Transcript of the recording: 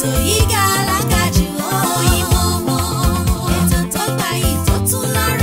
ètò yìí jù ó. òyìnbó mọ́ ètò tó gbayì tó tún lára.